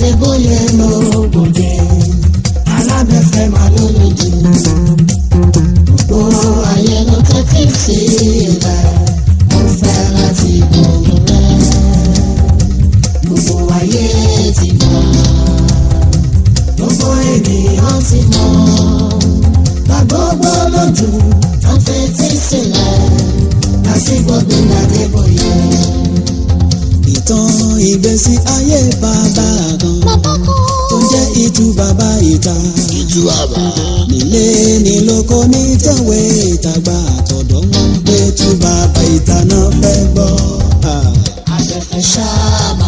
no volviendo. ìgbésí ayé bàbá kan tó jẹ́ ìtú bàbá ìta nílé ni lóko ní tẹ̀wé ìtagbà àtọ̀dọ̀ wọn pé bàbá ìta náà fẹ́ gbọ́. àṣẹ̀fẹ̀ ṣáà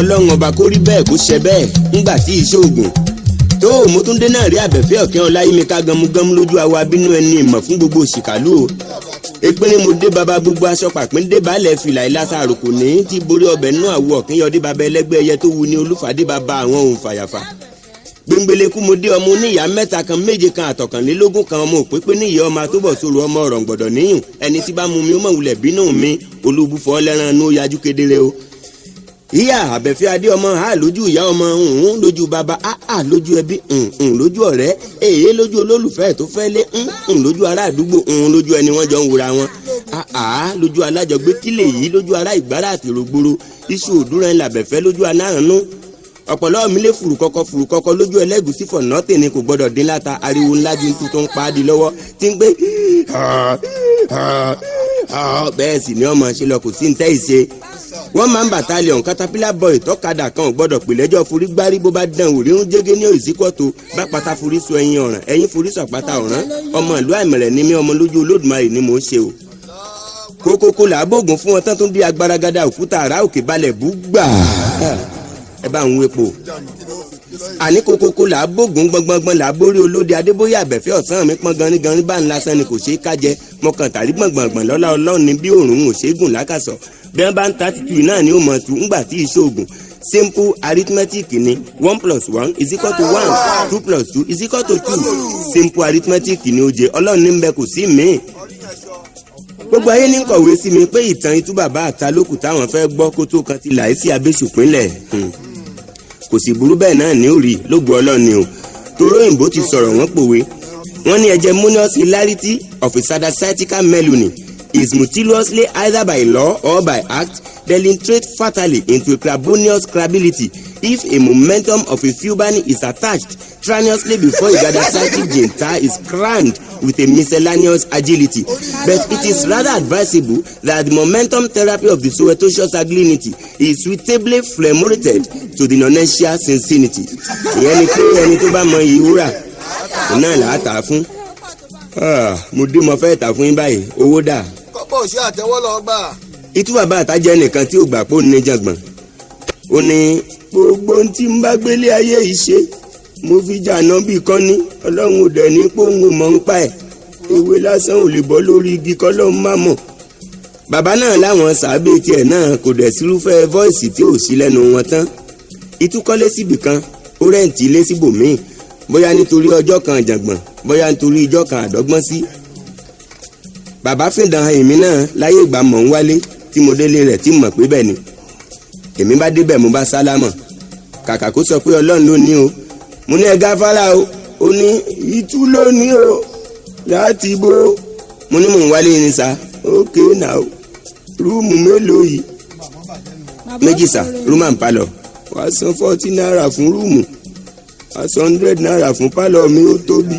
ọlọ́run ọba kó rí bẹ́ẹ̀ kó ṣe bẹ́ẹ̀ ńgbà tí iṣẹ́ oògùn tó mọ́túndé náà rí àbẹ̀fẹ́ ọ̀kẹ́ ọ̀la yímika gamugamu lójú àwa bínú ẹni ìmọ̀ fún gbogbo òṣìkàlù o ìpínlẹ̀ mo dé baba gbogbo aṣọ pàpín dé balẹ̀ fìlà ìlàsà àròkò ní ti borí ọbẹ̀ nínú àwọ̀ ọ̀kín yọ dé baba ẹlẹ́gbẹ́ ẹyẹ tó wu ní olúfàdé baba àwọn òun fàyàfà gbẹngbẹlẹkú mo dé ọmọ oníyàá mẹ́ta kan méje kan àtọ̀kànlélógún kan ọmọ òpépé níyà ọmọ àtúbọ̀ ọmọ ọ̀rọ̀ gbọ̀dọ̀ níyùn ẹni tí bá mu mi ó mọ̀ wulẹ̀ bínú mi olúbufọ́ lẹ́ran ní ó kedere o ìyá àbẹ̀fẹ́ adé ọmọ a lójú ìyá ọmọ òun lójú bàbá a lójú ẹbí òun lójú ọ̀rẹ́ èyí lójú olólùfẹ́ tó fẹ́ lé òun lójú ará àdúgbò òun lójú ẹni wọ́n jọ ń wura wọn a lójú alájọgbé kílè yìí lójú ará ìgbára àtìrògbòrò iṣu òdúrà ńlá àbẹ̀fẹ́ lójú anáàánú ọ̀pọ̀lọ́ mi lé fùrùkọ́kọ́ fùrùkọ́kọ́ lójú ẹlẹ́gùsí fọ̀ nọ́ọ̀tì ni kò gbọ́dọ̀ dín láta ariwo ńlá ju tuntun ń pa á di lọ́wọ́ tí ń gbé bẹ́ẹ̀ sì ni ọmọ ṣe lọ kò sí ń tẹ́ ìṣe wọ́n máa ń battalion caterpillar boy tọ́kadà kan ò gbọ́dọ̀ pèlẹ́jọ́ forí gbárí bó bá dán òrí ń jẹ́gẹ́ ní òsíkọ́tò bá pata forí sọ ẹyin ọ̀ràn ẹyin forí sọ pata ọ̀ràn ọmọ ìlú àìmọ̀lẹ̀ ni mí ọmọ lójú olódùmarè ni mò ń ṣe o. kókókó làábògùn fún wọn tán tún bí agbára gada òkúta àrà òkè balẹ̀ bú gbà ẹ bá ń wépo àní kokoko là á bógun gbọngbọngbọn là á bórí olóde adébóyè àbẹ̀fẹ́ ọ̀sán mi pọ́n ganriganri bá ń lasán ni kò ṣeé kájẹ mọ̀kàn tàbí gbọ̀ngbọ̀ngbọ̀n lọ́la ọlọ́run ni bí òórùn ò ṣeé gùn lákàsọ̀ bí wọ́n bá ń ta títù náà ni ó mọ̀ tù ńgbà tí ì ṣoògùn simple arithmetic ni one plus one is equal to one two plus two is equal to two simple arithmetic ni ó jẹ ọlọ́run ní ń bẹ kò sí míì gbogbo ayé ní kọ̀wé sí mi pé ìtàn itú bàbá àtalókù táwọn fẹ́ gbọ́ kó tó kan ti làásì abéṣùpínlẹ̀. Hmm kò sì burú bẹ́ẹ̀ náà ní òrì lógo ọlọ́ni o toró òyìnbó ti sọ̀rọ̀ wọ́n pòwe wọ́n ní ẹ̀jẹ̀ munoz hilarity of a sadacitica melony is mutilously either by law or by act delinquate fatally into crabonius crability if a momentum of a fubani is attached traniously before igadasachi genta is crammed with a miscellaneous agility but it is rather advisable that the momentum therapy of the suetocious agility is suitably flammulated to the nonential sincerity ìyẹn ni ẹni tó bá mọ iye wúrà náà là tà á fún ah, mo dé mo fẹ́ tà fún yín báyìí owó dà pọ̀ sí àtẹwọ́lọ́ gbà. itú bàbá àtàjẹ́ nìkan tí ò gbà pé ó ní jàgbọ̀n ó ní gbogbo ohun tí ń bá gbélé ayé yìí ṣe mo fi jàná bíi kán ní ọlọ́run ò dẹ̀ ní pòun mọ̀ ń pa ẹ̀ ewé lásán ò lè bọ́ lórí igi kọ́lọ́run má mọ̀ bàbá náà láwọn sàábé tiẹ̀ náà kò dẹ̀ sírúfẹ́ vọ́ìsì tí ò sí lẹ́nu wọn tán ìtúkọ́lé síbì kan ó rẹ́ǹtì ilé síbòmíì bóyá nítorí ọjọ́ kan àjàgbọ̀n bóyá nítorí ijọ́ kan àdọ́gbọ́n sí bàbá fìdàn èmi náà láyé ìgbà mọ̀ ń wálé tí mo délé rẹ̀ tí mọ̀ pé bẹ́ẹ̀ ni èmi bá débẹ̀ mo bá sálámọ̀ kàkà kó sọ pé ọlọ́run ló ní o mo ní ẹ gáfárà o ó ní ìtú ló ní o láti bó mo ní mò ń wálé ní sa ókè náà rúùmù mélòó yìí méjì sà rúùmù à ń wàá san fọ́tí náírà fún rúùmù wàá san hundred náírà fún pálọ̀ mi ó tóbi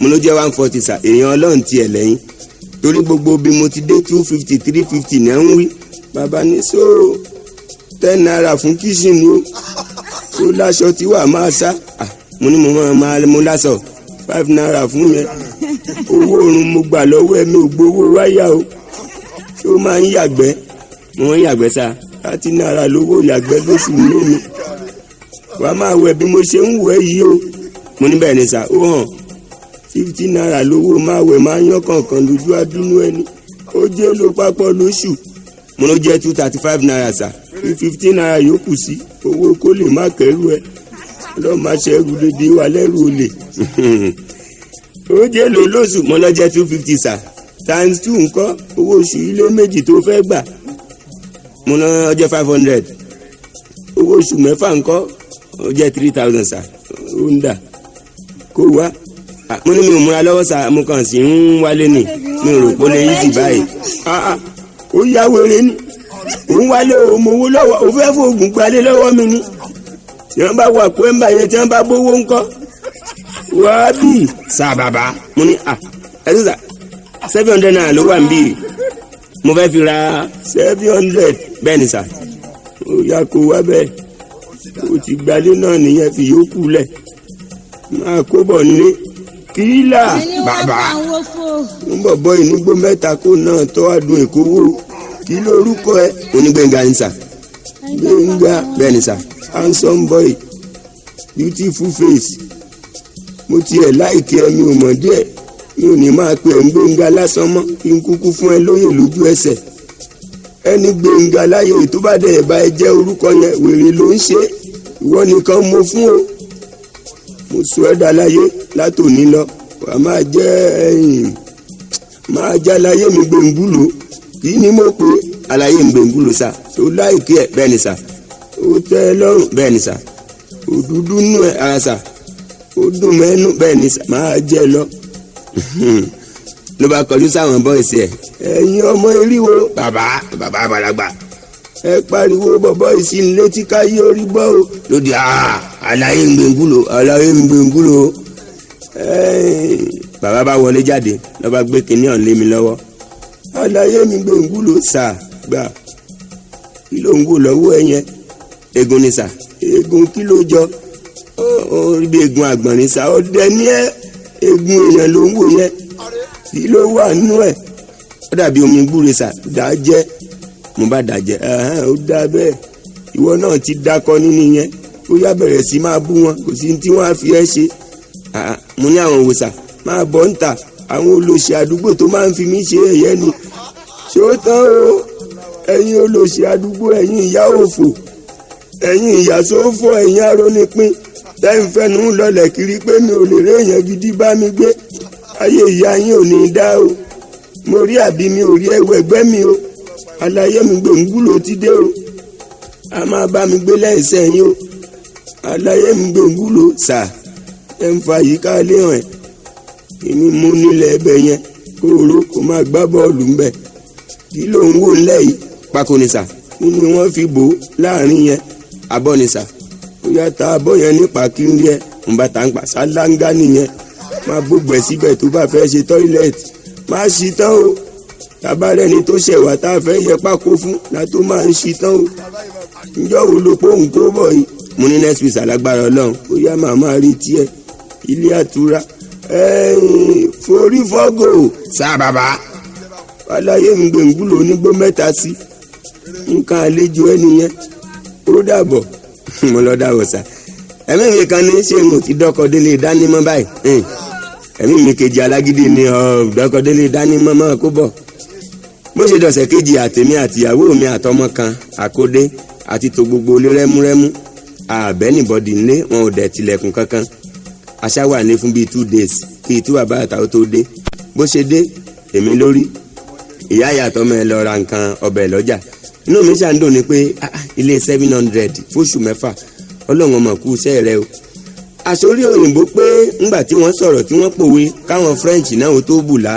mo ló jẹ́ one forty sa èèyàn ọlọ́run tiẹ̀ lẹ́yìn torí gbogbo bí mo ti dé two fifty three fifty náà ń wí bàbá ní sóòrò ten naira fún kíṣìn o tó láṣọ tí wàá máa sá mo ní mo máa mo láṣọ five naira fún yẹn owó oorun mo gbà lọ́wọ́ ẹ̀ mi ò gbowó wáyà o tó máa ń yàgbẹ́ mo ń yàgbẹ́ sa láti náírà lówó yàgbẹ́ lóṣù lómi wàá máa wẹ̀ bí mo ṣe ń wẹ̀ yìí o mo ní bẹ́ẹ̀ ni sà ó hàn fifty naira lówó ma wẹ̀ máa yán kankan lójú abínú ẹni ó jẹ́ ló papọ̀ lóṣù mo ló jẹ́ two thirty five naira sà fi fifty naira yòókù sí owó kó lè má kẹ́rù ẹ lọ́ọ́ máa wa lẹ́rù olè ó jẹ́ ló lóṣù mo ló jẹ́ two fifty sà times two ńkọ́ owó oṣù yìí ló méjì tó fẹ́ gbà mo ló jẹ́ five three thousand ó ń dà Ah, mo ní mi ò múra lọ́wọ́ sà mo kàn sí ń wálé ni mi ò rò pé ó lè yí sí báyìí ah, ah, ó yá wèrè ni òun wálé o mo wó lọ́wọ́ o fẹ́ fòògùn gbalé lọ́wọ́ mi ni tí wọ́n bá wà pé ń bá yẹn tí wọ́n bá bówó ńkọ́ wàá bì sà bàbá mo ní à ẹ sísà seven hundred naira ló wà ń bì mo fẹ́ fi ra seven hundred bẹ́ẹ̀ ni sà ó yá kó wá bẹ́ẹ̀ o ti gbalé náà nìyẹn fi yókù lẹ̀ máa kó bọ̀ nílé kìrìlà bàbá ń bọ̀bọ̀ inú gbó mẹ́ta kó náà tọ́ adùn ìkówóró kí lórúkọ ẹ onígbẹ̀ngà ń sà gbẹ̀ngà bẹ́ẹ̀ ni sà handsome boy beautiful face mo tiẹ̀ láìkí ẹ mi ò mọ̀ díẹ̀ mi ò ní máa pe ẹ̀ ń gbẹ̀ngà lásán mọ́ kí n kúkú fún ẹ lóyè lójú ẹsẹ̀ ẹni gbẹ̀ngà láyè tó bá dẹ̀ bá ẹ jẹ́ orúkọ yẹn wèrè ló ń ṣe ìwọ nìkan mo fún o mo sọ ẹ́ dá láyé látòní lọ wàá máa jẹ́ ẹ̀yìn máa jẹ́ aláyé mi gbòǹgbùlò kì í ní mọ̀ pé aláyé mi gbòǹgbùlò sà tó láìkí ẹ̀ bẹ́ẹ̀ ni sà ó tẹ́ lọ́rùn bẹ́ẹ̀ ni sà òdúdú nù ẹ̀ ara sà ó dùn mẹ́nu bẹ́ẹ̀ ni sà máa jẹ́ lọ ló bá kọjú sáwọn bọ́ìsì ẹ̀ ẹ̀yin ọmọ eríwo bàbá bàbá àgbàlagbà ẹ pariwo bọ̀bọ́ ìsìn létí káyé orí gbọ́ o lòdì àlàyé ah, ń gbẹ̀ngúlò àlàyé ń gbẹ̀ngúlò bàbá bá wọlé jáde ló bá gbé kinní ọ̀hún lé mi lọ́wọ́ àlàyé mi gbòǹgbò ló sà gbà kí ló ń wò lọ́wọ́ ẹ yẹn egun ni sà egun kí ló jọ ó rí bí egun àgbọ̀n ni sà ó dẹ ní ẹ egun èèyàn ló ń wò yẹn kí ló wà nínú ẹ ó dàbí omi gbúre sà dá jẹ mo bá dà jẹ ó dá bẹ́ẹ̀ ìwọ náà ti dákọ nínú yẹn ó yá bẹ̀rẹ̀ sí máa bú wọn kò sí ní tí wọ́n á fi ẹ́ ṣe mo ní àwọn òwòsàn máa bọ̀ ń ta àwọn olóṣè àdúgbò tó máa ń fi mí ṣe ẹ̀yẹ́ ni ṣé ó tán o ẹ̀yin olóṣè àdúgbò ẹ̀yin ìyá òfò ẹ̀yin ìyá sófò ẹ̀yin arónípín tẹ́yìn fẹ́nu ń lọlẹ̀ kiri pé mi ò lè rí èèyàn gidi bá mi gbé ayé ìyá yín ò ní í dá o mo rí àbí mi ò rí ẹwẹ́ ẹgbẹ́ mi o aláyé mi gbòǹgbùlò ti dé o a máa bá mi gbé lẹ́yìn sẹ́yìn o aláyé mi gbòǹgbùlò sáà tẹ́ ń fa yìí káàlẹ́ hàn ẹ́ èmi mú nílẹ̀ ẹbẹ̀ yẹn kó oró kó máa gbá bọ́ọ̀lù ńbẹ̀ kí ló ń wò ńlẹ̀ yìí pakonisa nínú wọn fi bò láàrin yẹn abọ́nisa ó yà tá abọ́ yẹn nípa kí ń yẹ ńbàtà ń pa sálángá nìyẹn máa gbógbẹ̀ síbẹ̀ tó bá fẹ́ ṣe tọ́ílẹ̀tì má ṣí tán o tabalẹ̀ ni tó ṣẹ̀wá tá a fẹ́ yẹ pákó fún la tó máa ń ṣí tán o njọ́ wo ló pọ́ùn kó bọ̀ yìí mo ní next week alágbára ọlọ́run ó yá màmá rí tiẹ̀ ilé àtúrà forí fọ́gò sá bàbá aláyé ń gbòǹgbò onígbó mẹ́ta sí nǹkan àlejò ẹni yẹn ó dàbọ̀ mo lọ dàbọ̀ sá ẹ̀mí mi kan ní ṣé mo ti dọ́kọ̀délé ìdánimọ̀ báyìí ẹ̀mí mi kejì alágídí ni dọ́kọ̀délé ìdánimọ̀ máa kó bọ̀ bó ṣe dọ̀sẹ̀ kejì àtèmi àtìyàwó mi àtọmọ kan àkódé àti tó gbogbo olé rẹ́múrẹ́mú àbẹ́nìbọ̀dì ńlé wọn ò dẹ̀ tilẹ̀kùn kankan aṣá wà ní fún bíi two days bíi tí bàbá àtàwọn tó dé bó ṣe dé èmi lórí ìyá ìyàtọ̀ mọ́ ẹ lọ ra nǹkan ọbẹ̀ lọ́jà inú mi ṣàǹdùn ni pé ah, ah, ilé seven hundred fóṣù mẹ́fà ọlọ́run ọmọ kú iṣẹ́ rẹ o àsórí òyìnbó pé ńgbà tí wọ́n sọ̀rọ̀ tí wọ́n pòwe káwọn french náà ó tó bùlá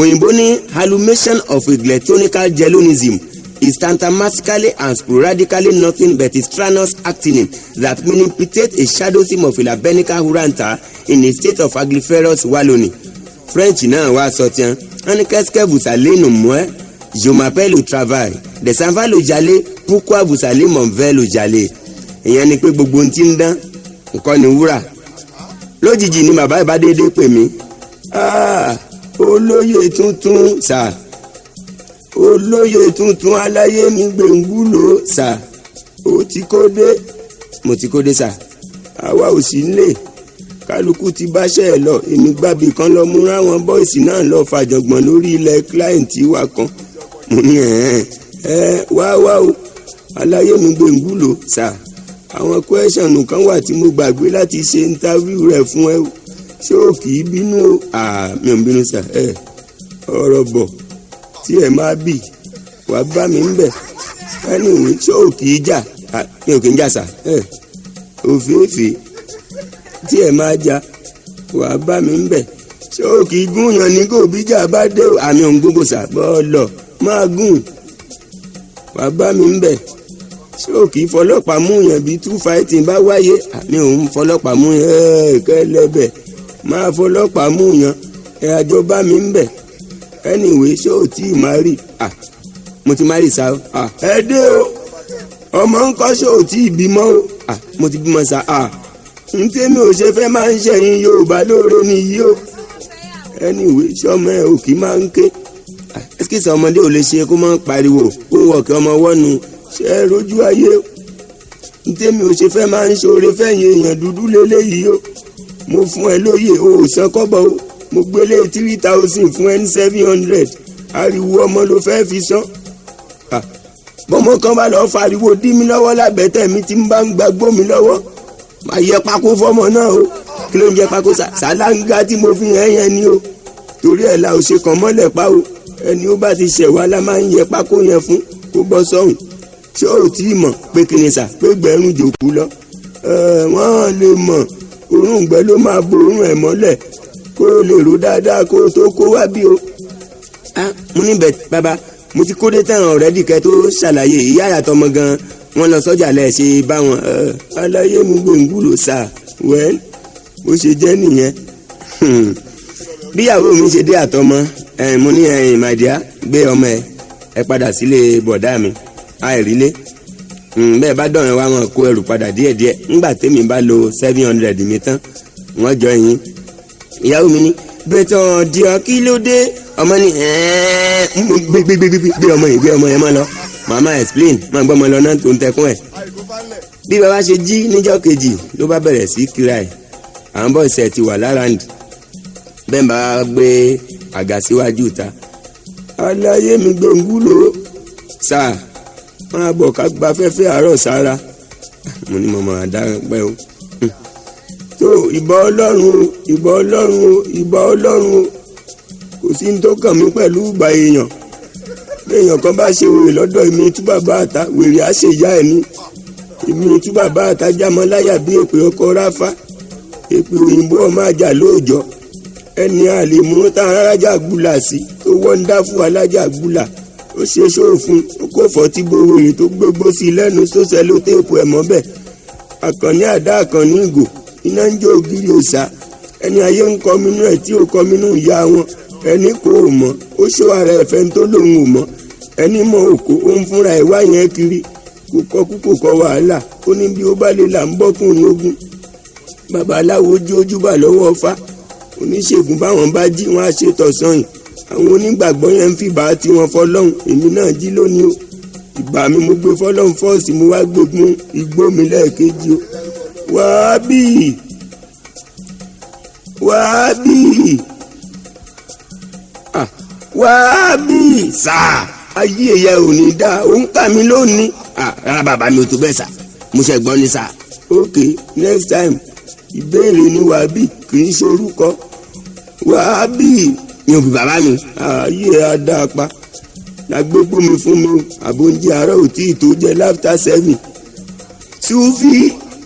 òyìnbó ní hallucination of electronical jellonism is tantamastically and sporadically nothing but a strenuous actinin that manipulates a shadow theme of ilabenica huranta in a state of agliferous walloni. french náà wá sọ tiẹn wọn ní kẹ́síkẹ́ nù mọ́ ẹ́ je m'appelle au travail de s'en va le jalè pourquoi vous allez m'en vers le jalè ìyẹn ni pé gbogbo ohun tí ń dán nǹkan ni wúrà lójijì ni bàbá ìbá déédéé pè mí ah, olóyè tuntun sáà olóyè tuntun aláyé mi gbẹ̀ngúlò sà ó ti kó dé mo ti kó dé sà àwa ò sí nílé kálukú ti báṣẹ́ ẹ̀ lọ èmi gbàbí kan lọ mú ráwọn bọ́ìsì náà lọ fàjọ̀gbọ̀n lórí ilẹ̀ kílàǹtì wa kan mo ní ẹ̀ ẹ́ wá wá o aláyé mi gbẹ̀ngúlò sà àwọn kwẹ́sàn kan wà tí mo gbàgbé láti ṣe interview rẹ̀ fún ẹ o ṣé o kì í bínú o àmì ò bínú sà ẹ ọ̀rọ̀ bọ̀ tí ẹ máa bì wà bá mi ń bẹ̀ ẹni òun tí ò kì í jà mi ò kì í jà sà òfìfì tí ẹ máa jà wà bá mi ń bẹ̀ ṣé ò kì í gún yan ní kò bí jà bá dé àmì òun gbogbo sà bọ́ọ̀lọ̀ máa gùn wà bá mi ń bẹ̀ ṣé ò kì í fọlọ́pàá mú yan bí two fighting bá wáyé àmì òun fọlọ́pàá mú yan ẹ̀ẹ́dẹ́gbẹ̀ máa fọlọ́pàá mú yan ẹ̀ àjọ bá mi ń bẹ̀ anyway ṣé ò tí ì má rí mo ti má rí sa ẹ dé o ọmọ ń kọ́ ṣé ò tí ì bímọ o mo ti bímọ sa n tẹ́mi ò ṣe fẹ́ máa ń ṣẹ̀yìn Yorùbá lóore nìyí o anyway ṣé ọmọ ẹ ò kí máa ń ké ẹsikísà ọmọdé ò lè ṣe kó máa ń pariwo kó wọ̀ kí ọmọ wọ́nu ṣe é rojú ayé o n tẹ́mi ò ṣe fẹ́ máa ń ṣoore fẹ́yìn èèyàn dúdú lélẹ́yìí o mo fún ẹ lóye o ò san kọ́bọ̀ o mo gbélé three thousand fún ẹni seven hundred ariwo ọmọ ló fẹ́ fi san bọ́mọ kan bá lọ́ọ́ fariwo dí mi lọ́wọ́ lábẹ́tẹ̀ mi ti ń bá ń gbàgbó mi lọ́wọ́ màá yẹ pákó fọ́mọ náà o kí ló ń jẹ pákó ṣàlàǹgá tí mo fi hàn yẹn ni o torí ẹ̀ la ò ṣe kàn mọ́lẹ̀ pa o ẹni ó bá ti ṣẹ̀wá la máa ń yẹ pákó yẹn fún kó bọ́ sọ́hùn ṣé ò tí ì mọ̀ pé kìnìṣà pé gbẹ̀rún jòkú lọ wọ́n lè mọ̀ òórùn gbẹ ló máa borún ẹ̀ mọ́lẹ̀ kó lè rò dáadáa kó tó kó wá bí o. Ah. mo níbẹ̀ bàbá mo ti kó dé tán ọ̀rẹ́dì kẹ́ tó ṣàlàyé ìyá àyàtọ̀ ọmọ gan wọn lọ sọ́jà lẹ́ẹ̀ṣe báwọn aláyé mu gbòǹgbòrò sà wẹ́n bó ṣe jẹ́ nìyẹn. Hmm. bíyàwó mi ṣe dé àtọmọ mo ní màdìá gbé ọmọ ẹ ẹ padà sílé bọ̀dá mi àìrílé hmm, bẹ́ẹ̀ bá dọ̀rẹ́ wa wọn kó ẹrù padà díẹ̀díẹ̀ ńgbà tèmi bá lo seven hundred mi tán wọ́n jọ yín ìyàwó mi ní bẹ́tàn díọ̀ kí ló dé ọmọ ní gbé ọmọ yìí gbé ọmọ yẹn mọ́ lọ màmá explain máa gbọ́ ọmọ lọ náà tó ń tẹkún ẹ̀. bí bàbá ṣe jí níjọ́ kejì ló bá bẹ̀rẹ̀ sí kíra ẹ̀ àwọn bọ́ọ̀sì ẹ̀ ti wà lára ǹdí bẹ́ẹ̀ bá gbé àga síwájú ta aláyé mi gbòǹgù lóró sáà máa bọ̀ ká gba afẹ́fẹ́ àárọ̀ sára mo ní mo máa dá pẹ́ o ìbà ọlọ́run ìbà ọlọ́run ìbà ọlọ́run kò sí ní tó kàn mí pẹ̀lú ìbà èèyàn èèyàn kan bá ṣe wèrè lọ́dọ̀ èmi tú bàbá àta wèrè á ṣe ìyá ẹ̀ ní èmi tú bàbá àta jámọ́ láyà bí èpè ọkọ ráfá èpè òyìnbó ọmọ àjà lóòjọ́ ẹni àlè mú tá arájà gbúlà sí tó wọ́n ń dá fún alájà gbúlà ó ṣe ṣòro fún un ó kó gbowó èyí tó gbégbó sí lẹ́nu sóṣẹ́ ló téèpù ẹ̀ bẹ́ẹ̀ àkànní àdá àkànní ìgò iná ń jó ògiri òòṣà ẹni ayé ń kọ́ minú ẹ̀ tí ò kọ́ minú ìyá wọn ẹni kò mọ̀ ó ṣó ara ẹ̀fẹ́ tó lòun ò mọ̀ ẹni mọ òkò ó ń fúnra ẹ̀ wá yẹn kiri kò kọ́ kú kò kọ́ wàhálà ó ní bí ó bá lè là ń bọ́ fún un lógún babaláwo jó ojúbà lọ́wọ́ ọfá oníṣègùn báwọn bá jí wọn á ṣe tọ̀sán àwọn onígbàgbọ́ yẹn ń fìbà tiwọn fọlọ́hún èmi náà jí lónìí o ìgbà mo gbé fọlọ́hún fọ́ọ̀sì mo wá gbógun igbó mi lẹ́ẹ̀kejì o. Wabi, wàhábì wàhábì sáà ayé ẹ̀yà ò ní dá òun kà mí lónìí rárá bàbá mi ò tó bẹ́ẹ̀ sà mo ṣe gbọ́ ni sà. ok next time ìbéèrè ni wàhábì kì í ṣe orúkọ wàhábì ni òbí bàbá mi ayé ẹ̀ á dá a pa lágbégbó mi fún mi àbóúnjẹ àárọ̀ ò tí ì tó jẹ láftà sẹ́fìn. sùfì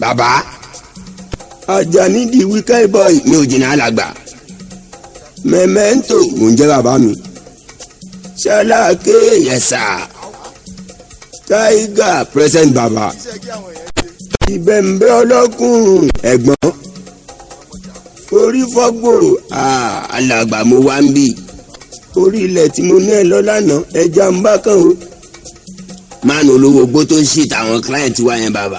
bàbá. Ajani di weekend boy mi ò jìnnà alàgbà mẹ́mẹ́ntò mò ń jẹ́ bàbá mi ṣọlá kéèyẹsà táìgà present bàbá ìbẹ̀m̀bẹ̀ ọlọ́kùnrin ẹ̀gbọ́n orí fọ́gbò alàgbà mo wá ń bì orí ilẹ̀ tí mo ní ẹ lọ lánàá ẹja ń bá kàn ó máàlù olówó gbó tó ń ṣètà àwọn client wa yẹn bàbá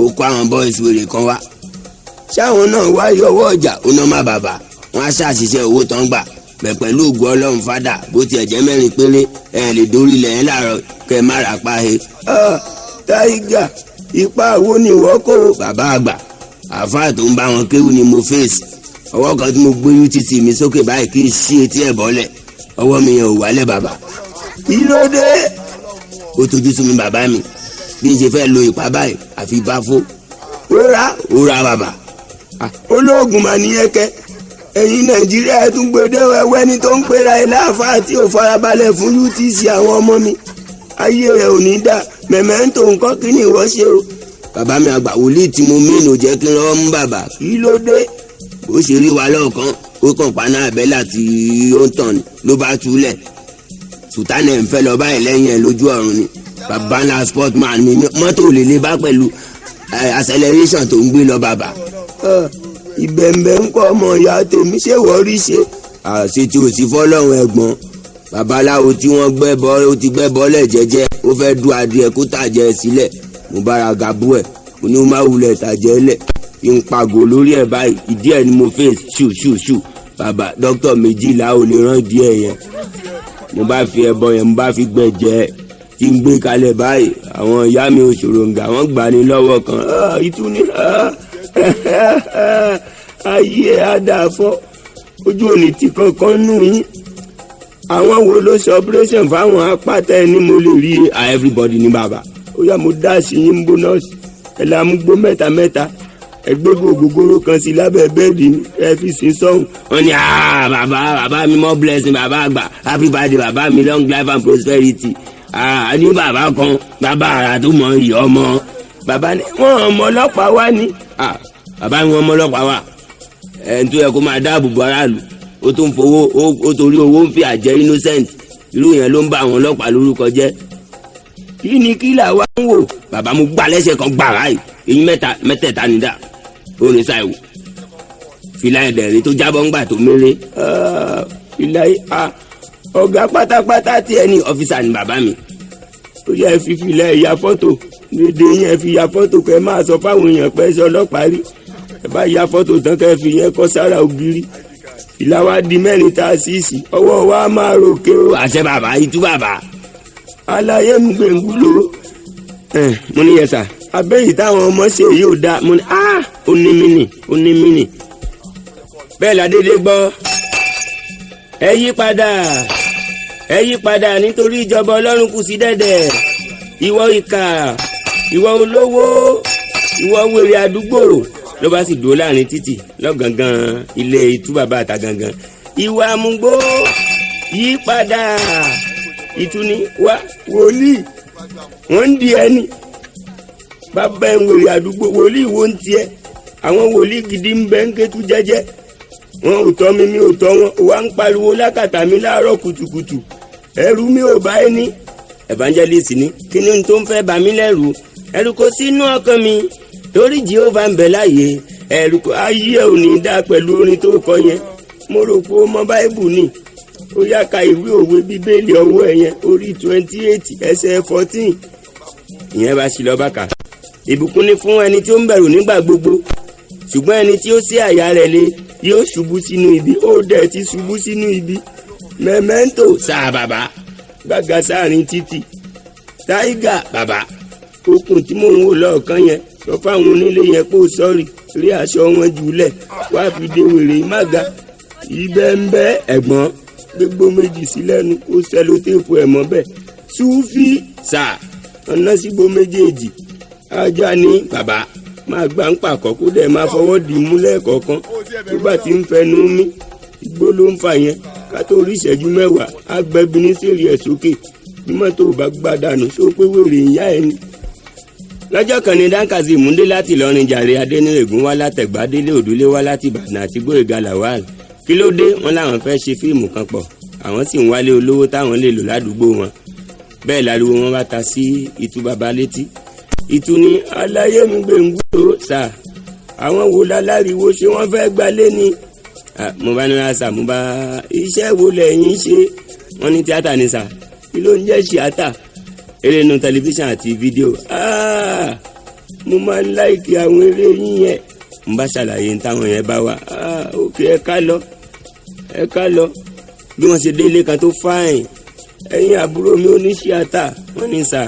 ó kó àwọn boys wèrè kan wá sáwọn náà wáyé ọwọ́ ọjà ọ̀nà má bàbà wọn á ṣàṣìṣe owó tán gbà bẹ̀ pẹ̀lú ògùn ọlọ́run fada bó tiẹ̀ jẹ́ mẹ́rin péré ẹ̀ lè dórí ilẹ̀ yẹn láàárọ̀ kẹ́ ẹ má ra pa he. táìgà ipa wo ni ìwọ kó bàbá àgbà àáfàá tó ń bá wọn kéwù ni mo fèsì ọwọ́ kan tí mo gbóyún títì mi sókè báyìí kí n ṣí etí ẹ̀ bọ́lẹ̀ ọwọ́ mi yẹn ò wálẹ̀ bàbá. kí ló ó tójú sú mi bàbá mi bí n ṣe fẹ́ lo ìpá báyìí àfi bá fó. rárá ó bàbá olóògùn mà nìyẹn kẹ ẹ̀yin nàìjíríà tún gbẹdẹ wẹwẹ ní tó ń pera ẹ láàfáà tí ò farabalẹ̀ fún utc àwọn ọmọ mi ayé rẹ ò ní dà mẹ̀mẹ́ńtò nǹkan kí ni ìwọ ṣe o bàbá mi àgbà wòlíì tí mo mí nù jẹ́ kí n lọ́wọ́ mú bàbá kí ló dé bó ṣe rí wa lọ́ọ̀kan ó kàn paná àbẹ́là tí ó ń tàn ló bá túlẹ̀ sùtánà ń fẹ́ lọ báyìí lẹ́yìn ẹ̀ lójú ọ̀run ni bàbá ńlá sportman mi mọ́tò lè lè bá pẹ̀lú acceleration tó ń gbé lọ bàbá ìbẹ̀m̀bẹ̀ ń kọ́ ọmọ ìyá tèmi ṣé wọ́n rí ṣe. àṣé tí o sì fọ́lọ́run ẹ̀gbọ́n babaláwo tí wọ́n gbẹ́bọ ó ti gbẹ́bọ lẹ̀ jẹ́jẹ́ ó fẹ́ du adìẹ kó tàjẹ́ sílẹ̀ mo bára gabu ẹ̀ mo ní o má wulẹ̀ tàjẹ́ lẹ̀ kí n pàgò lórí ẹ̀ báyìí ìdí ẹ̀ ni mo fẹ́ ṣù ṣù ṣù bàbá dókítà méjìlá ò lè rán ìdí ẹ̀ yẹn mo bá fi ẹbọ yẹn mo bá fi gbẹ̀jẹ̀ ẹ̀ tí ń gbé kalẹ̀ báyìí àwọn ìyá mi ò ṣòro ǹgà wọ́n gbà ní lọ́wọ́ kan ah, ìtúni ah. ayé àdàfọ́ ojú ò lè ti kankan nù yín àwọn wo ló ṣe operation fáwọn apáta ẹni mo lè rí ah, everybody ní bàbá ó yá mo dá yín bónọ́ọ̀sì ẹ la mú gbó mẹ́ta mẹ́ta ẹgbẹ́ gbogbogbòrò kan sí lábẹ́ bẹ́ẹ̀dì ẹ fi sí sọ́hùn. wọ́n ní ah, bàbá bàbá mi more blessing bàbá àgbà happy birthday bàbá mi long life and prosperity. àní ah, bàbá kan bàbá àrà tó mọ iyì ọmọ bàbá ní wọn ọmọ ọlọ́pàá wá ní. bàbá ní wọn ọmọ ọlọ́pàá wá ẹni tó yẹ kó máa dáàbò bo aráàlú ó tó ń fowó ó torí owó ń fi àjẹ innocent irú yẹn ló ń bá àwọn ọlọ́pàá lórúkọ jẹ́ kí ni kí là wá ń wò bàbá mo gbà lẹ́sẹ̀ kan gbàrà yìí eyín mẹ́ta mẹ́tẹ̀ẹ̀ta nídà ó ní sáà ìwò fìlà ẹ̀dẹ̀rẹ̀ tó jábọ̀ ńgbà tó mẹ́rẹ́ fìlà a ọ̀gá pátápátá tí ẹni ọ́fíìsà ni bàbá mi ó yẹ fi fìlà ẹ̀yà fọ́tò dédé yẹn fi ya fọ́tò kẹ́ máa sọ fáwọn èèyàn pẹ́ sọ ọlọ́pàá rí ẹ bá ya fọ́tò tán kẹ́ fi yẹn kọ́ sára ògiri ìlà wa di mẹ́rin tá a sì sí ọwọ́ wa máa ròkè o àṣẹ bàbá itú bàbá aláyé mi gbè ń wúlò ẹ mo ní yẹn sà abẹ́yìí táwọn ọmọ ṣe yìí ò dáa mo ní á ó ní mí nì ó ní mí nì bẹ́ẹ̀ ládédé gbọ́ ẹ yí padà ẹ yí padà nítorí ìjọba ọlọ́run kù sí dẹ̀dẹ̀ ìwọ ìkà ìwọ olówó ìwọ wèrè àdúgbòrò ló bá sì dúró láàrin títì lọ́gangan ilé itú bàbá àta gangan ìwà àmúgbó yí padà ìtúni wá wòlíì wọ́n ń di ẹni bàbá ẹ̀ ń wèrè àdúgbò wòlíì wo ń tiẹ̀ àwọn wòlíì gidi ń bẹ ń kétu jẹ́jẹ́ wọn ò tọ́ mi mi ò tọ́ wọn wà ń pariwo lákàtà mi láàárọ̀ kùtùkùtù ẹ̀rù mi ò bá ẹni evangelist ni kí ni tó ń fẹ́ bà lẹ́rù ẹ̀rù kò sínú ọkàn mi torí Jèhófà ń bẹ láàyè ẹ̀rù kò ayé ò ní dá pẹ̀lú orin tó kọ yẹn mo rò pé ó mọ ni ó yá ka ìwé òwe bíbélì ọwọ́ ẹ̀ yẹn orí twenty eight ẹsẹ̀ fourteen ìyẹn bá ṣì lọ bá kà ìbùkún ni fún ẹni tí ó ń bẹ̀rù nígbà gbogbo ṣùgbọ́n ẹni tí ó ṣí àyà rẹ̀ lé yóò ṣubú sínú ibi ó dẹ̀ ti ṣubú sínú ibi mẹ́mẹ́ńtò sáà bàbá gbàgà sáàrin títì táìgà bàbá okùn tí mò ń wò lọ́ọ̀kan yẹn sọ fáwọn onílé yẹn pé ó sọ́ọ̀rì rí aṣọ wọn jùlẹ̀ wá fi de wèrè mága ibẹ̀ ń bẹ́ ẹ̀gbọ́n gbogbo méjì sí lẹ́nu kó sẹ́lótéèpù ẹ̀ mọ́ bẹ́ẹ̀ súfì sà ọ̀nà sígbó méjèèjì ajá ní bàbá máa gbà ń pàkọ́ kó dẹ̀ máa fọwọ́ dì í mú lẹ́ẹ̀kọ̀ọ̀kan tó bá ti ń fẹnu mí igbó ló ń fà yẹn kátó orí ìṣẹ́jú mẹ́wàá á gbẹ́bí ní sèrè ẹ̀ sókè bí mọ́tò bá gbádànù só pé wèrè ìyá ẹ̀ ni lọ́jọ́ kan ní dankazi múndé láti lọ́rin jàre adéníwègún wá látẹ̀gbá délé òdúlé wá láti ìbàdàn àti gbóyèga lawal kí ló dé wọn làwọn fẹ́ ṣe fíìmù kan pọ̀ àwọn sì ń wálé olówó táwọn lè lò ládùúgbò wọn bẹ́ẹ̀ láriwo wọn bá ta sí ìtú baba létí ìtú ni aláyé mi gbé ń gbúrò sà àwọn wo láláriwo ṣé wọ́n fẹ́ gbalé ni mo bá ní ra mo bá iṣẹ́ wo lẹ́yìn ṣe wọ́n ní tíátà ni sà kí ló ń jẹ́ ṣíátà eré inú tẹlifíṣàn àti fídíò ah, mo máa ń láìkí àwọn eré yín yẹn n bá ṣàlàyé ní táwọn yẹn bá wà òkè ah, ẹ ká lọ ẹ ká lọ bí wọ́n ṣe dé ilé kan tó fáìn Ẹyin àbúrò mi ò ní oníṣíàtà wọ́n ní sà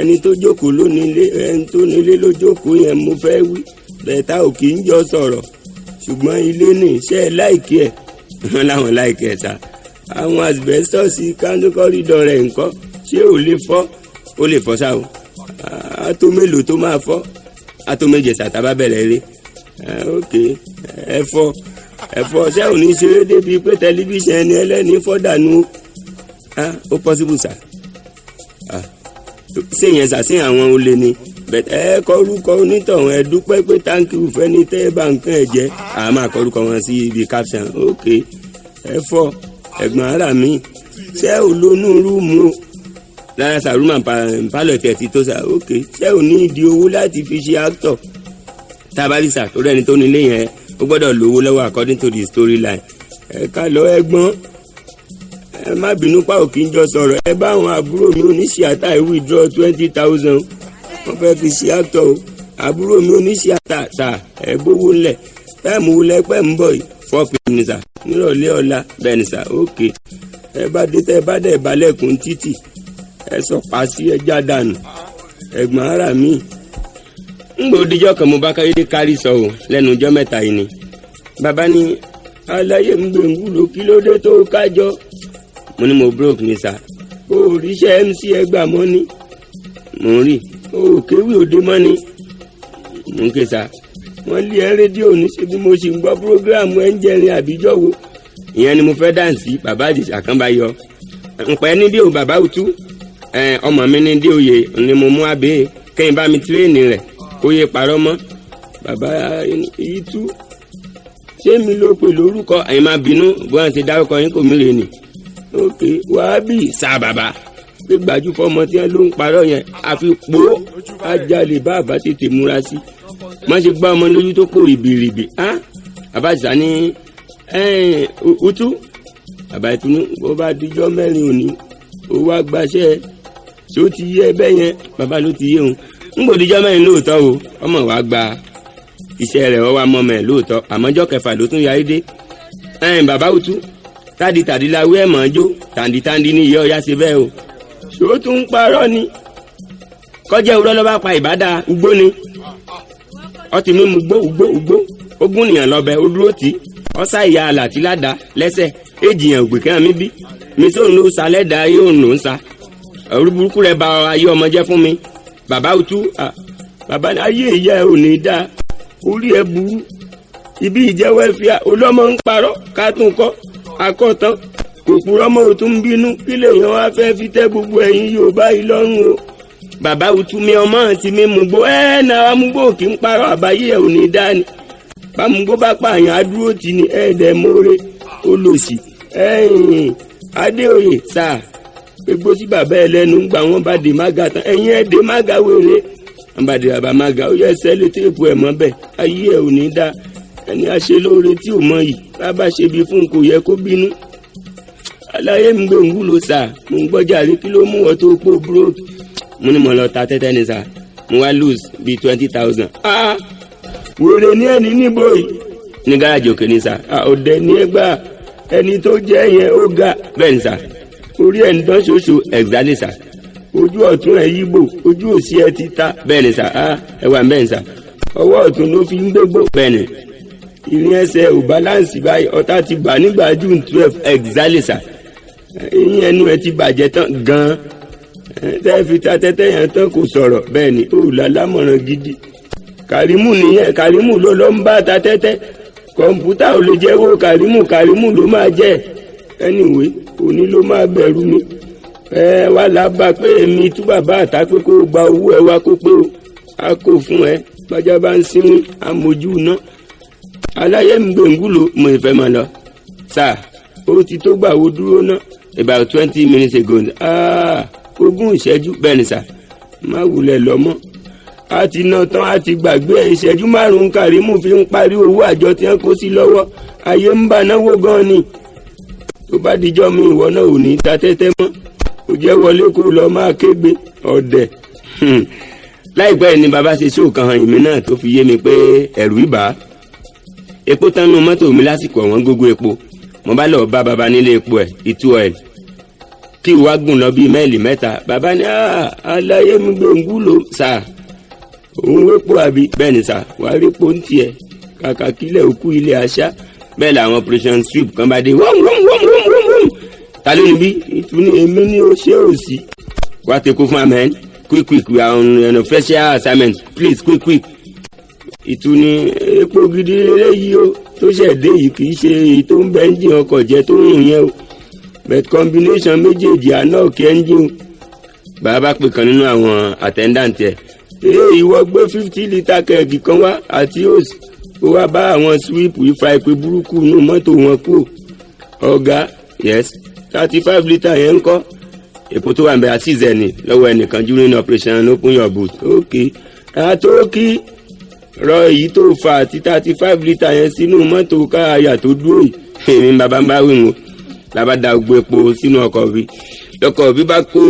ẹni tó jókòó lónìí ilé ẹni tó nílé ló jókòó yẹn mo fẹ́ wí bẹ̀ẹ̀ta ò kì í jọ sọ̀rọ̀ ṣùgbọ́n ilé ní iṣẹ́ láìkí ẹ̀ wọ́n láwọn láìkí ẹ̀ sà àwọn asbestos kánú kọ́rídọ̀ rẹ̀ ńkọ́ ṣé ò lè fọ́ ó lè fọ́ ṣá o àtó mélòó tó máa fọ́ àtó méje sàtàbà bẹ̀rẹ̀ eré ok ẹ fọ́ ẹ fọ́ ṣé ò ní ṣeré débi pé tẹlifíṣàn ẹni ẹlẹ́ni fọ́ dànù ó pọ́sibù sà ṣé yẹn sà sí àwọn olè ni bẹ̀tẹ̀ ẹ kọ́rúkọ onítọ̀hún ẹ dúpẹ́ pé táǹkì ìfẹ́ ní tẹ́ bá nǹkan ẹ̀ jẹ́ àá máa kọ́rúkọ wọn sí ibi caption ok ẹ fọ́ ẹ̀gbọ́n ara mi ṣé olónú rúùmù lára sàrúmà pálọ̀ tẹ̀ ti tó sà ok ṣé ò ní ìdí owó láti fi ṣe actor tábàlìsà tó rẹ́ni tó nílé yẹn ó gbọ́dọ̀ lówó lọ́wọ́ according to the story line ẹ lọ ẹ̀gbọ́n ẹ má bínú pa òkè ń jọ sọ̀rọ̀ ẹ bá àwọn àbúrò mi oníṣìátà ẹ withdraw twenty thousand wọ́n fẹ́ fi ṣe actor o àbúrò mi oníṣìátà sà ẹ gbówó ńlẹ̀ táìmù wo lẹ́pẹ́ ń bọ̀ yìí ẹ sọ pàṣẹ ẹja dànù ẹ̀gbọ́n ara mi ngbà òdìjọ kan mo bá káyọdé kárí sọ o lẹ́nu ọjọ́ mẹ́ta yìí ni bàbá ni aláyé ń gbòǹgbò kí tó kájọ mo ní mo broke ni sà o ríṣẹ́ mc ẹgbà mọ́ ni mo ń rí o kéwì òde mọ́ ni mo ń ké sà wọ́n lé ẹ rédíò ní bí mo ṣe ń gbọ́ programu ẹ̀ ń jẹrin wo ìyẹn ni mo fẹ́ dáǹsì bàbá àdìsá kan bá yọ ǹpẹ́ níbí o bàbá òtún ẹ ọmọ mi ní dí òye ni mo mú abẹ́ kẹ́yìn bá mi tírèènì rẹ̀ kó yé parọ́ mọ́ bàbá yìí tú ṣé mi ló pè lórúkọ ẹ̀yin máa bínú bó ti dárúkọ yín kò mí rè ni ok wàá bì sá bàbá pé gbàjú fọmọ tí wọn ló ń parọ́ yẹn àfi pò ó ajalè bá àbá tètè múra sí má ṣe gbá ọmọ lójú tó kó rìbìrìbì á bàbá ìsà ní ẹ̀ẹ́n utú bàbá ìtúnú bó bá dijọ́ mẹ́rin òní ó wá gbaṣẹ́ ṣé ti yé ẹbẹ yẹn bàbá ló ti yé òun ń gbòdìjọ́ mẹ́rin o ọmọ wa gba iṣẹ́ rẹ̀ ọwọ́ amọ́ mẹ́rin lóòótọ́ àmọ́jọ́ kẹfà ló tún yarí dé ẹ̀ẹ́n bàbá òtú tádì tàdí la o tún ni kọjá pa ugbó ni ọtí gbó ogún ó dúró tì ìyá àlàtí ládàá orí burúkú rẹ ba ayé ọmọ fún mi bàbá otu bàbá ayé ìyá ẹ ò orí ẹ burú ibi ìjẹ́ wẹ́fíà olọ́mọ ń parọ́ ká tún kọ́ akọ́tán ọmọ òtún ń bínú kí lèèyàn wá fẹ́ fi tẹ́ gbogbo ẹ̀yin Yorùbá yìí lọ́rùn o bàbá otu mi ọmọ àti mi mú gbó ẹ na amúgbó kì ń parọ́ àbáyé ẹ ò ní ni bámugbó bá pààyàn adúró tì ní ẹ̀ẹ́dẹ̀ẹ́mọ́rẹ́ olòṣì ẹ̀yìn Adéoyè sáà gbogbo tí Baba ẹ lẹ́nu ń gbà wọ́n bá dé mága tán ẹ̀yin ẹ̀ dé mága wèrè àbàdì bàbá mága ó yẹ sẹ́lẹ̀ téèpù ẹ̀ mọ́ bẹ́ẹ̀ ayé ẹ̀ ò ní dá ẹni àṣẹ lóore tí ò mọ yìí bàbá ṣe bí fún kò yẹ kó bínú. aláyé mi gbé òǹgù ló sà mo ń gbọ́jà rí kí ló mú ọ tó pò búrò mo ní mo lọ ta tẹ́tẹ́ ni sà mo wá lose bíi twenty thousand. wèrè ní ẹni níbo yìí ní gáràjì òkè ni sà ọ̀dẹ ní ẹgbàá ẹni tó jẹ́ yẹn ó ga bẹ́ẹ̀ ni sà orí ẹ̀ ń dán ṣoṣo ẹ̀gbálẹ̀ sà ojú ọ̀tún ẹ̀ yíbò ojú òsì ẹ̀ ti ta bẹ́ẹ̀ ni sà ah, ẹ wà mẹ́rin sà ọwọ́ ọ̀tún ló fi ń gbégbó bẹ́ẹ̀ ni ìrìn ẹsẹ̀ ò báláǹsì báyìí ọ̀tá ti bà nígbà june twelve ẹ̀gbálẹ̀ sà eyín ẹnu ẹ̀ ti bàjẹ́ tán gan-an eh, tẹ́ fi ta tẹ́tẹ́ yẹn tán kò sọ̀rọ̀ bẹ́ẹ̀ ni ó là lámọ̀ràn gidi kàrímù nìyẹn kàrímù ló lọ́ ń bá ta tẹ́tẹ́ kọ̀ǹpútà ò lè jẹ́wọ́ kàrímù kàrímù ló máa jẹ́ ẹ̀ anyway òní ló máa bẹ̀rù mi ẹ wá là bá pé èmi tú bàbá àtà pé kó gba owó ẹ wá kó pé o a kò fún ẹ bájá bá ń sinmi amójú náà aláyé ń gbòǹgù ló mo ìfẹ́ mọ̀ lọ sáà ó ti tó gbà wo dúró náà about twenty minutes ago ah ogún ìṣẹ́jú bẹ́ẹ̀ ni sà má wulẹ̀ lọ́mọ́ a ti ná tán a ti gbàgbé ìṣẹ́jú márùn-ún Kàrímù fi ń parí owó àjọ tí wọ́n kó sí lọ́wọ́ ayé ń bà náwó gan ni tó bá dijọ́ mi ìwọ náà ò ní ta tẹ́tẹ́ mọ́ kò jẹ́ wọlé kó lọ máa kégbe ọ̀dẹ̀ hmm. láìpẹ́ ni bàbá ṣe ṣó kan ìmí náà tó fi yé mi pé ẹ̀rù ìbá epo tánu mọ́tò mi lásìkò ọ̀wọ́n gógó epo mo bá lọ bá bàbá nílé epo ẹ̀ ìtú ẹ̀ kí wá gùn lọ bíi mẹ́ẹ̀lì mẹ́ta bàbá ní àlàyé mi gbòǹgù ló sà òun wépo àbí bẹ́ẹ̀ ni sà wàá rí po ń kàkà kílẹ̀ òkú ilé àṣà bẹ́ẹ̀ làwọn operation sweep kan bá dé wọ́n wọ́n wọ́n wọ́n wọ́n wọ́n ta ló níbí ìtúni èmi ni ó ṣe ò sí. wá tẹ́kọ̀ fún amẹ́ quick quick we are on a special assignment please quick quick. ìtúni epo gidi eléyìí o tó ṣẹ̀ dé yìí kì í ṣe èyí tó ń bẹ ẹ́ńjìn ọkọ̀ jẹ́ tó ń rìn yẹn o but combination méjèèjì àná òkè ẹ́ńjìn o. bàbá pè kan nínú àwọn attendant ẹ̀. ee ìwọ gbé fifty litre kẹ̀kì kan wá àti hose ó wá bá àwọn síwíìpù ifá ìpè burúkú inú mọ́tò wọn kú ọ̀gá yes thirty five litre yẹn ń kọ́ èpo tó wà ń bẹ àtìs ẹni lọ́wọ́ ẹnìkan during operation open your boot ok àtòkí rọ èyí tó fa àti thirty five litre yẹn sínú mọ́tò káàyà tó dúró yìí èmi bàbá ń bá wí wọn làbá da gbogbo epo sínú ọkọ̀ bí lọkọ̀ bí bá kó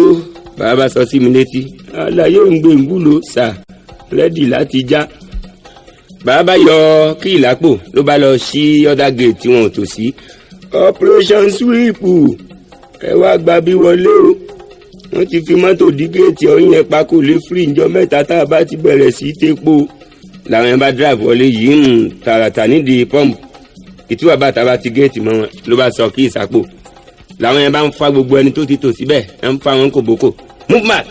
bàbá sọ sí mi létí àlàyé òǹgbẹ̀ǹgbù ló sà rẹ́dì láti já. Ja bàbá yọ kí ìlápò ló bá lọ sí ọ̀dà gate tí wọn ò tò sí operation sweep ẹ wá gba bí wọlé o wọ́n ti fi mọ́tò dí géètì ọyìn yẹn pákó lé free njọ́ mẹ́ta tá a bá ti bẹ̀rẹ̀ sí í tépo làwọn yẹn bá drive wọlé yìí ń hmm, tààràtà nídìí pọ́ǹpù ìtura bàtà bá ti géètì mọ́ wọn ló bá sọ kí ìsàpò làwọn yẹn bá ń fa gbogbo ẹni tó ti tò síbẹ̀ ẹ̀ ń fa wọn kò bókò move back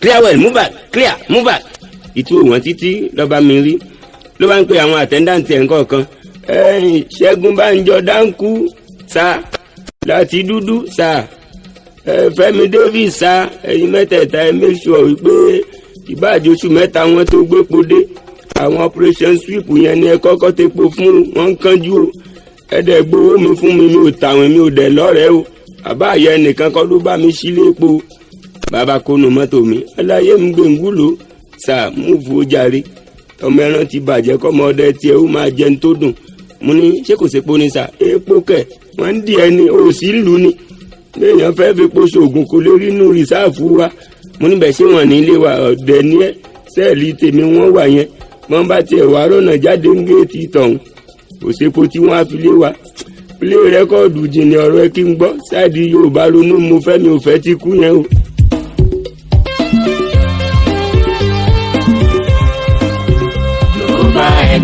clear well move back clear move back ìtura wọn títí lọ́ba mi rí ló bá ń pe àwọn àtẹ́ńdáǹtì ẹ̀ ńkọ̀ọ̀kan ṣẹ́gun bánjọ dáńkú sá láti dúdú sá fẹ́mi davis sá ẹ̀yin mẹ́tẹ̀ẹ̀ta ẹ̀ make sure wípé ìbáàjò oṣù mẹ́ta wọn tó gbépo dé àwọn operation sweep yẹn ni ẹ kọ́kọ́ ti po fún wọn kánjú o ẹ̀dẹ̀ gbowó mi fún mi mi ò tàwọn mi ò dẹ̀ lọ́rẹ̀ẹ́ o bàbá àyẹ nìkan kọ́ ló bá mi sílé epo bàbá kónú mọ́tò mi aláyé mi gbòǹgù lò sá múùfù ó jàre tọmọ ẹran ti bàjẹ́ kọ́mọ ọdẹ tiẹ̀ ó máa jẹun tó dùn mo ní ṣé kò sí poni sa epo kẹ̀ wọ́n ń di ẹni òsì lù ni léèyàn fẹ́ fi po ṣoògùn kò lè rí inú rìsáàfù wa mo ní bẹ̀ ṣé wọ́n ní ilé wa ọ̀dẹ ní ẹ sẹ́ẹ̀lì tèmi wọ́n wà yẹn wọ́n bá tiẹ̀ wá rọ̀nà jáde ń géètì tọ̀hún kò sépo tí wọ́n á fi lé wa play rẹ́kọ̀dù jìnnì ọ̀rọ̀ ẹ kí n gbọ́ sáàdì Yorùbá ronú mo fẹ́ mi ò fẹ́ ti kú yẹn o.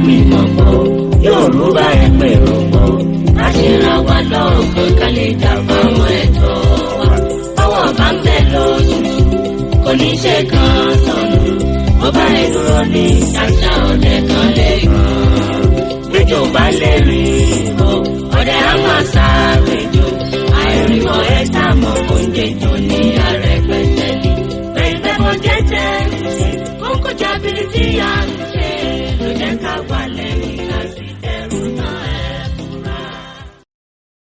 gbìmọ̀ pọ̀ Yorùbá ẹ pèrò pọ̀ a ṣe ràn wá lọ́ọ̀kan ká lè jà fáwọn ẹ̀tọ́ wa báwọ̀ bá ń bẹ̀ lóyún kò ní ṣe kan sọnù ọba ìdúró ní ṣàṣà ọdẹ kan lè ràn méjò bá lè rìn o ọdẹ á máa sáré jò àìrìnwọ̀ ẹ̀ sá mọ́ oúnjẹ jò ní.